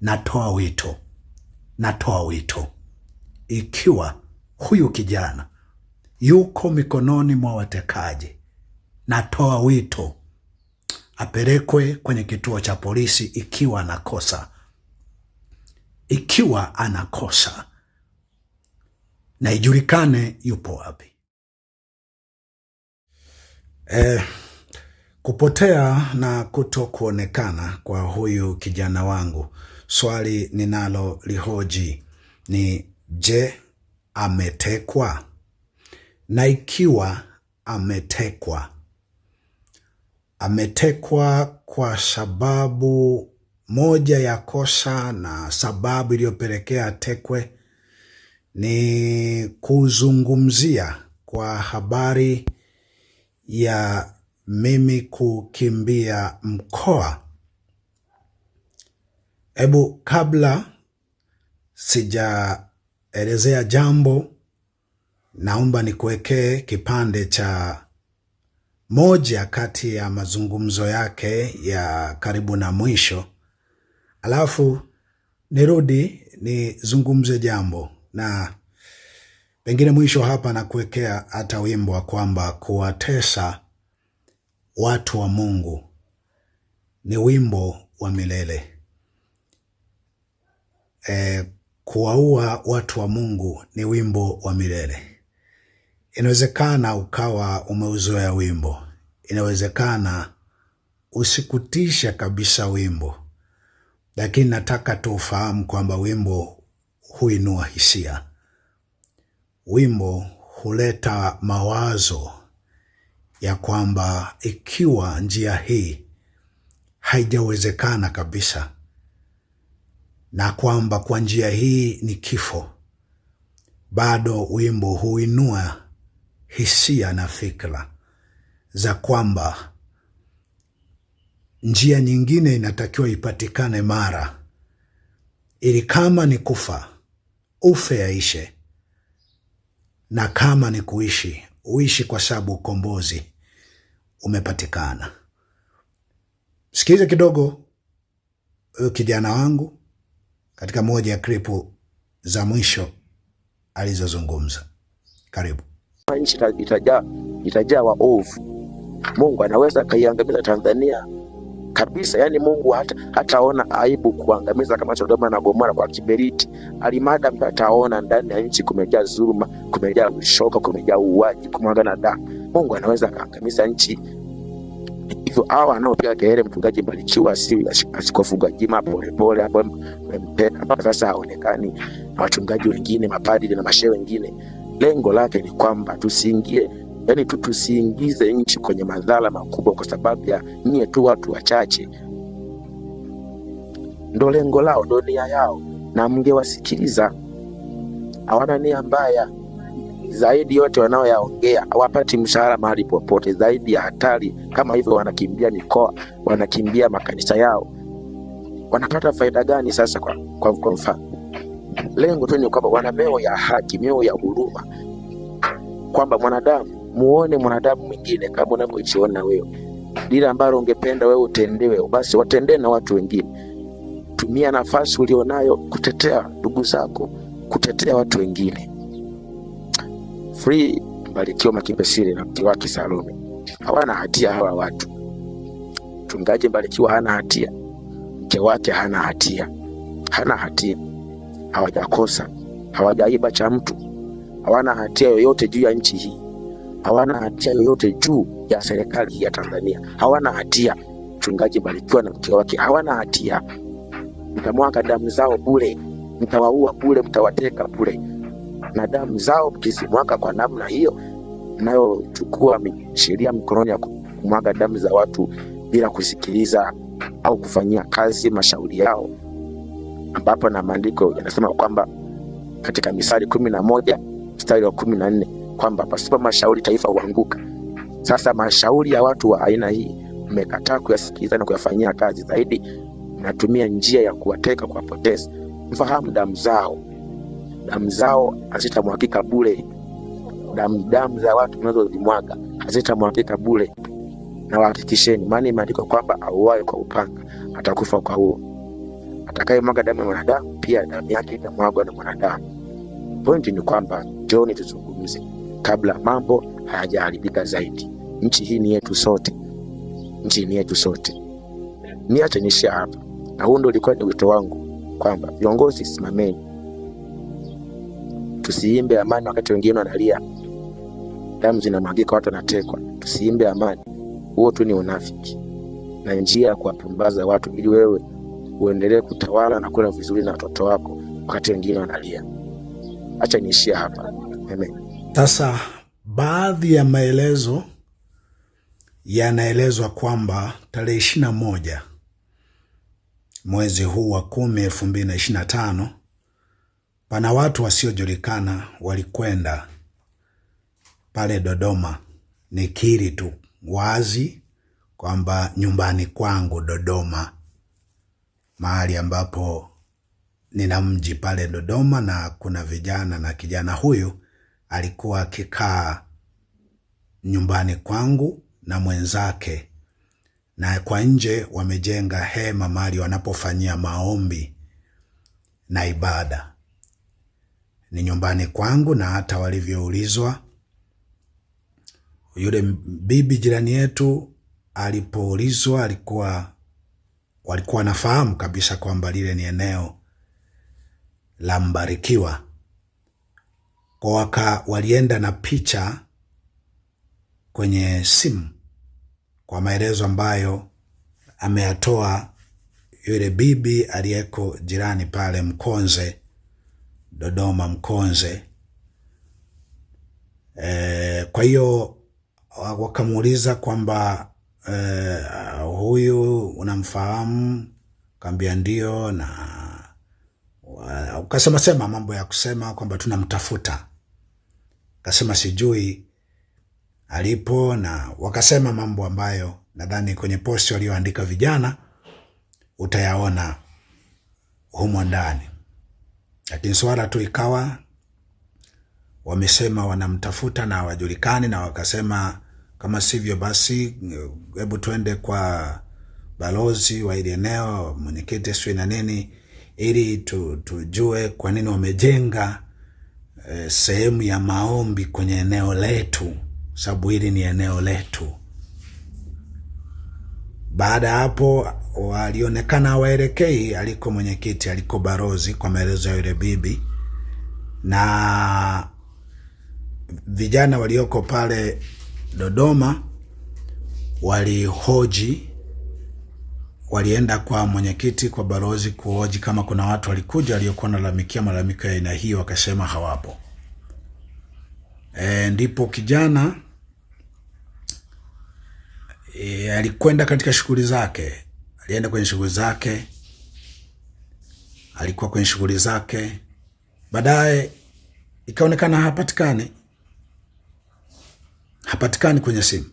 Natoa wito, natoa wito, ikiwa huyu kijana yuko mikononi mwa watekaji, natoa wito apelekwe kwenye kituo cha polisi ikiwa anakosa, ikiwa anakosa, na ijulikane yupo wapi. Eh, Kupotea na kutokuonekana kwa huyu kijana wangu, swali ninalo lihoji ni je, ametekwa? Na ikiwa ametekwa, ametekwa kwa sababu moja ya kosa na sababu iliyopelekea atekwe ni kuzungumzia kwa habari ya mimi kukimbia mkoa? Hebu kabla sijaelezea jambo, naomba nikuwekee kipande cha moja kati ya mazungumzo yake ya karibu na mwisho, alafu nirudi nizungumze jambo, na pengine mwisho hapa nakuwekea hata wimbo wa kwamba kuwatesa watu wa Mungu ni wimbo wa milele. E, kuwaua watu wa Mungu ni wimbo wa milele. Inawezekana ukawa umeuzoea wimbo, inawezekana usikutisha kabisa wimbo, lakini nataka tu ufahamu kwamba wimbo huinua hisia, wimbo huleta mawazo ya kwamba ikiwa njia hii haijawezekana kabisa, na kwamba kwa njia hii ni kifo, bado wimbo huinua hisia na fikra za kwamba njia nyingine inatakiwa ipatikane mara, ili kama ni kufa ufe aishe, na kama ni kuishi uishi kwa sababu ukombozi umepatikana. Sikiliza kidogo huyu kijana wangu katika moja ya klipu za mwisho alizozungumza. Karibu. Nchi itajaa itaja waovu, Mungu anaweza akaiangamiza Tanzania kabisa, yani Mungu hata hataona aibu kuangamiza kama Sodoma na Gomora kwa kiberiti, alimadam ataona ndani ya nchi kumejaa dhuluma, kumejaa ushoka, kumejaa kumwaga na damu, Mungu anaweza akaangamiza nchi hivyo hawa wanaopiga kelele mchungaji Mbarikiwa si Askofu Polepole ambaye mpenda mpaka sasa haonekani, na wachungaji wengine, mapadili na mashehe wengine, lengo lake ni kwamba tusiingie yani tu tusiingize nchi kwenye madhara makubwa kwa sababu ya nyie tu watu wachache. Ndo lengo lao, ndo nia yao, na mngewasikiliza. Hawana nia mbaya, zaidi yote wanaoyaongea hawapati mshahara mahali popote, zaidi ya hatari kama hivyo, wanakimbia mikoa, wanakimbia makanisa yao. Wanapata faida gani sasa? Kwa, kwa, kwa mfano lengo tu ni kwamba wana meo ya haki, meo ya huruma, kwamba mwanadamu muone mwanadamu mwingine kama unavyojiona wewe. Lile ambalo ungependa wewe utendewe, basi watendee na watu wengine. Tumia nafasi ulionayo kutetea ndugu zako, kutetea watu wengine. Free Mbarikiwa Makimbesile na mke wake Salome hawana hatia hawa watu. Mchungaji Mbarikiwa hana hatia, mke wake hana hatia, hana hatia, hawajakosa, hawajaiba cha mtu, hawana hatia yoyote juu ya nchi hii hawana hatia yoyote juu ya serikali ya Tanzania, hawana hatia. Mchungaji Barikiwa na mke wake hawana hatia. Mtamwaga damu zao bure, mtawaua bure, mtawateka bure, na damu zao mkizimwaga kwa namna hiyo, mnayochukua sheria mikononi ya kumwaga damu za watu bila kusikiliza au kufanyia kazi mashauri yao, ambapo na maandiko yanasema kwamba katika Misali kumi na moja mstari wa kumi na nne kwamba pasipo mashauri taifa huanguka. Sasa mashauri ya watu wa aina hii mmekataa kuyasikiliza na kuyafanyia kazi, zaidi mnatumia njia ya kuwateka, kuwapoteza. Mfahamu damu zao, damu zao hazitamwagika bure. Damu damu za watu mnazozimwaga hazitamwagika bure, na wahakikisheni, maana imeandikwa kwamba auaye kwa upanga atakufa kwa huo. Atakayemwaga damu ya mwanadamu, pia damu yake itamwagwa na mwanadamu. Pointi ni kwamba, njoni tuzungumze kabla mambo hayajaharibika zaidi. Nchi hii ni yetu sote, nchi ni yetu sote. hata nishia hapa, na huu ndo ulikuwa ni wito wangu kwamba viongozi, simameni, tusiimbe amani wakati wengine wanalia, damu zinamwagika, watu wanatekwa. Tusiimbe amani, huo tu ni unafiki na njia ya kuwapumbaza watu ili wewe uendelee kutawala na kula vizuri na watoto wako wakati wengine wanalia. Acha niishia hapa. Amen. Sasa baadhi ya maelezo yanaelezwa kwamba tarehe ishirini na moja mwezi huu wa kumi elfu mbili na ishirini na tano pana watu wasiojulikana walikwenda pale Dodoma. Nikiri tu wazi kwamba nyumbani kwangu Dodoma, mahali ambapo nina mji pale Dodoma, na kuna vijana na kijana huyu alikuwa akikaa nyumbani kwangu na mwenzake, na kwa nje wamejenga hema mahali wanapofanyia maombi na ibada. Ni nyumbani kwangu, na hata walivyoulizwa, yule bibi jirani yetu alipoulizwa, alikuwa walikuwa wanafahamu kabisa kwamba lile ni eneo la Mbarikiwa kwa waka walienda na picha kwenye simu kwa maelezo ambayo ameyatoa yule bibi aliyeko jirani pale Mkonze, Dodoma Mkonze. E, kwa hiyo wakamuuliza kwamba e, huyu unamfahamu? kambia ndio, na ukasemasema mambo ya kusema kwamba tunamtafuta kasema sijui alipo, na wakasema mambo ambayo nadhani kwenye posti walioandika vijana utayaona humo ndani, lakini swala tu ikawa wamesema wanamtafuta na wajulikani na wakasema kama sivyo basi, hebu twende kwa balozi wa ili eneo, mwenyekiti, sui na nini, ili tujue kwa nini wamejenga Eh, sehemu ya maombi kwenye eneo letu, sababu hili ni eneo letu. Baada ya hapo walionekana waelekei aliko mwenyekiti, aliko barozi, kwa maelezo ya yule bibi na vijana walioko pale Dodoma walihoji walienda kwa mwenyekiti, kwa balozi kuoji kama kuna watu walikuja waliokuwa nalalamikia malalamiko ya aina hii, wakasema hawapo. E, ndipo kijana e, alikwenda katika shughuli zake, alienda kwenye shughuli zake, alikuwa kwenye shughuli zake, baadaye ikaonekana hapatikani, hapatikani kwenye simu.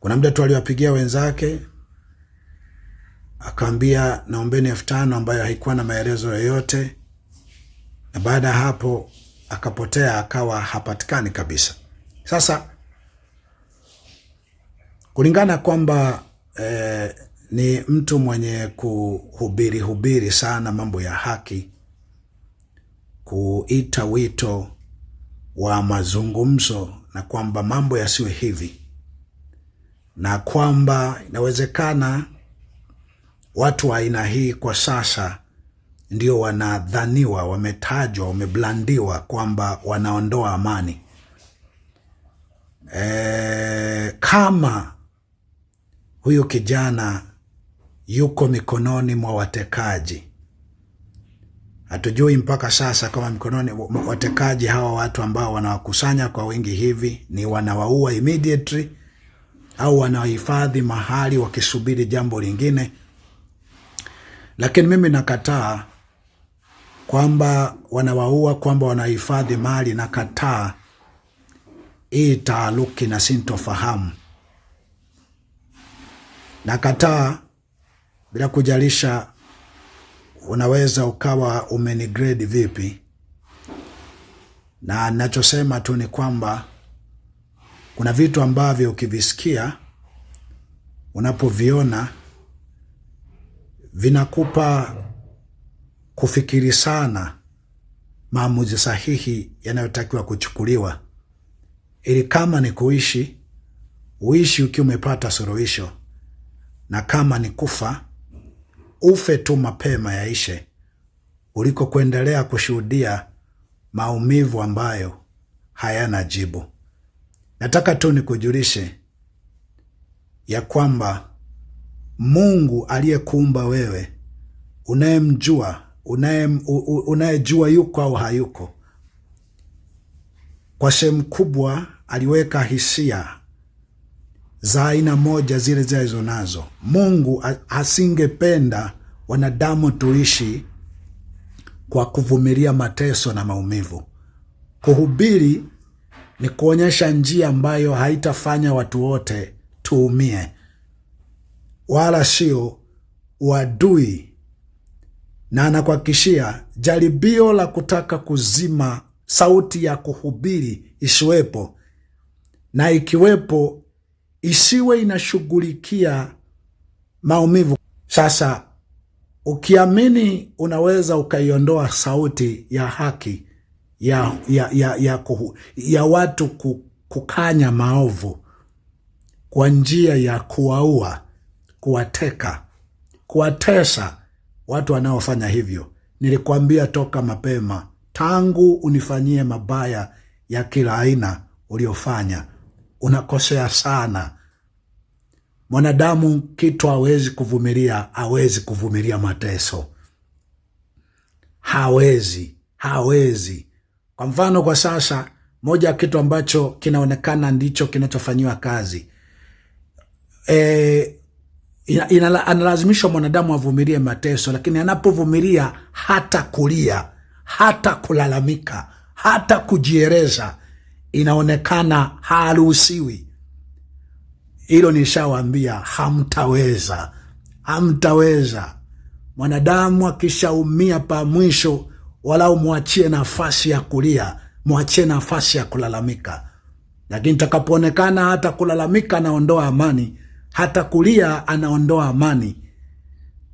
Kuna mda tu aliwapigia wenzake akaambia naombeni elfu tano ambayo haikuwa na maelezo yoyote, na baada ya hapo akapotea, akawa hapatikani kabisa. Sasa kulingana kwamba eh, ni mtu mwenye kuhubiri hubiri sana mambo ya haki, kuita wito wa mazungumzo na kwamba mambo yasiwe hivi na kwamba inawezekana watu wa aina hii kwa sasa ndio wanadhaniwa, wametajwa, wameblandiwa kwamba wanaondoa amani. E, kama huyu kijana yuko mikononi mwa watekaji, hatujui mpaka sasa kama mikononi watekaji hawa, watu ambao wanawakusanya kwa wingi hivi, ni wanawaua immediately au wanahifadhi mahali wakisubiri jambo lingine. Lakini mimi nakataa kwamba wanawaua, kwamba wanahifadhi mali. Nakataa hii taaluki na sintofahamu. Nakataa bila kujalisha unaweza ukawa umenigrade vipi, na nachosema tu ni kwamba kuna vitu ambavyo ukivisikia, unapoviona vinakupa kufikiri sana maamuzi sahihi yanayotakiwa kuchukuliwa, ili kama ni kuishi uishi ukiwa umepata suruhisho na kama ni kufa ufe tu mapema yaishe, kuliko kuendelea kushuhudia maumivu ambayo hayana jibu. Nataka tu nikujulishe ya kwamba Mungu aliyekuumba wewe, unayemjua, unayejua yuko au hayuko, kwa sehemu kubwa aliweka hisia za aina moja zile zilizo nazo. Mungu asingependa wanadamu tuishi kwa kuvumilia mateso na maumivu. Kuhubiri ni kuonyesha njia ambayo haitafanya watu wote tuumie, wala sio uadui. Na anakuhakikishia jaribio la kutaka kuzima sauti ya kuhubiri isiwepo, na ikiwepo isiwe inashughulikia maumivu. Sasa ukiamini unaweza ukaiondoa sauti ya haki ya, ya, ya, ya, kuhu, ya watu kukanya maovu kwa njia ya kuwaua, kuwateka, kuwatesa watu wanaofanya hivyo. Nilikwambia toka mapema, tangu unifanyie mabaya ya kila aina uliofanya, unakosea sana. Mwanadamu kitu hawezi kuvumilia, hawezi kuvumilia mateso, hawezi, hawezi kwa mfano, kwa sasa moja ya kitu ambacho kinaonekana ndicho kinachofanyiwa kazi e, analazimishwa mwanadamu avumilie mateso, lakini anapovumilia hata kulia, hata kulalamika, hata kujiereza, inaonekana haruhusiwi. Hilo nishawambia, hamtaweza, hamtaweza. Mwanadamu akishaumia pa mwisho walau mwachie nafasi ya kulia, mwachie nafasi ya kulalamika. Lakini takapoonekana hata kulalamika anaondoa amani, hata kulia anaondoa amani,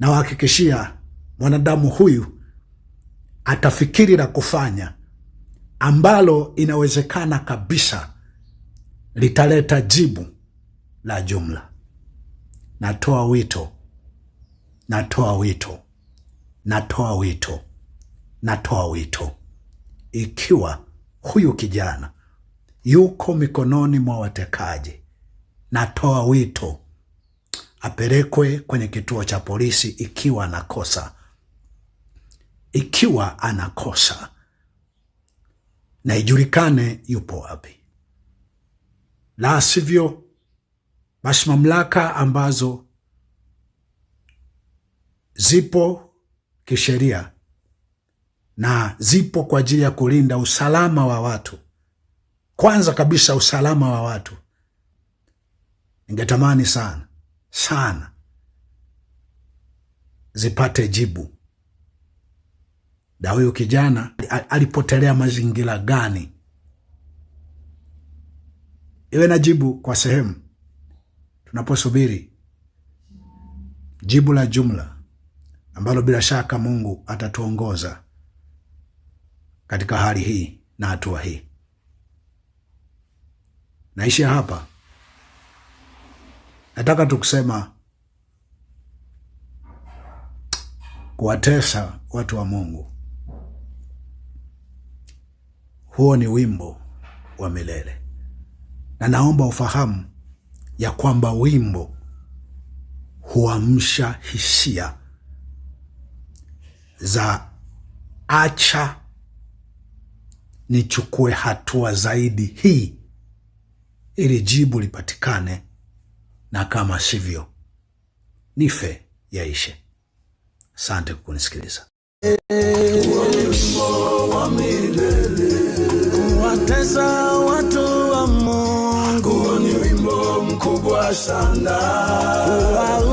na wahakikishia mwanadamu huyu atafikiri la kufanya ambalo inawezekana kabisa litaleta jibu la jumla. Natoa wito, natoa wito, natoa wito natoa wito, ikiwa huyu kijana yuko mikononi mwa watekaji, natoa wito apelekwe kwenye kituo cha polisi ikiwa anakosa, ikiwa anakosa, na ijulikane yupo wapi, la sivyo basi mamlaka ambazo zipo kisheria na zipo kwa ajili ya kulinda usalama wa watu. Kwanza kabisa usalama wa watu. Ningetamani sana sana zipate jibu da huyu kijana alipotelea mazingira gani, iwe na jibu kwa sehemu, tunaposubiri jibu la jumla ambalo bila shaka Mungu atatuongoza katika hali hii na hatua hii. Naisha hapa, nataka tukusema kuwatesa watu wa Mungu, huo ni wimbo wa milele, na naomba ufahamu ya kwamba wimbo huamsha hisia za acha nichukue hatua zaidi hii ili jibu lipatikane, na kama sivyo nife yaishe. Asante kukunisikiliza. Wimbo wa watu wa Mungu, ni wimbo mkubwa sana.